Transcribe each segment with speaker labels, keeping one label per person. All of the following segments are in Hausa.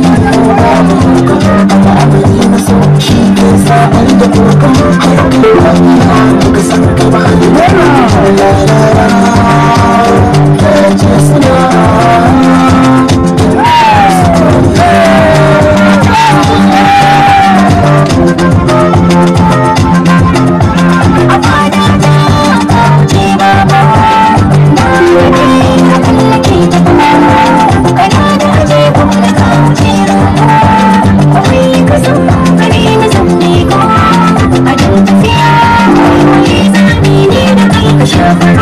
Speaker 1: da kuma kan harkar lafiya duka Gracias.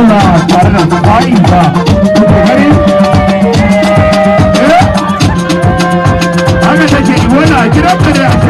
Speaker 1: I'm gonna take you a gidan ka ne a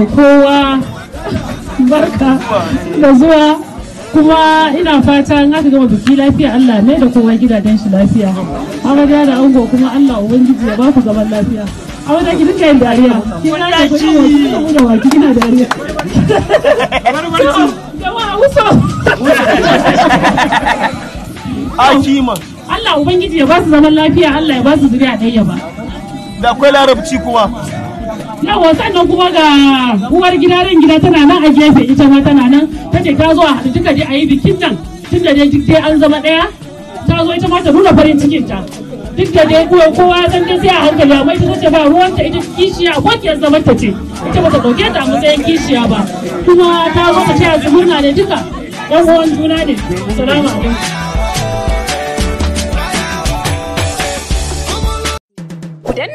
Speaker 2: wa kowa barka da zuwa kuma ina fata in aka gama biki lafiya Allah ne da kowa gidajen shi lafiya amarya da ango kuma Allah ubangiji ya ba ku zaman lafiya amarya ki dinga yin dariya ki na da kuɗi da waki kina dariya jama'a wuso akima Allah ubangiji ya ba su zaman lafiya Allah ya ba su zuriya ɗaya ba da akwai larabci kuma yawa sannan kuma ga uwar gida ran gida tana nan a gefe ita ma tana nan ta ce ta zo a haɗu duka je a yi bikin nan tun da dai duk dai an zama ɗaya ta zo ita ma ta nuna farin cikin ta duk da dai kuwa kowa ya san sai a hankali amma ita ce ba ruwan ta ita kishiya ko ke zama ta ce ita ba ta ɗauke ta a matsayin kishiya ba kuma ta zo ta ce a murna ne duka ɗan uwan juna ne assalamu alaikum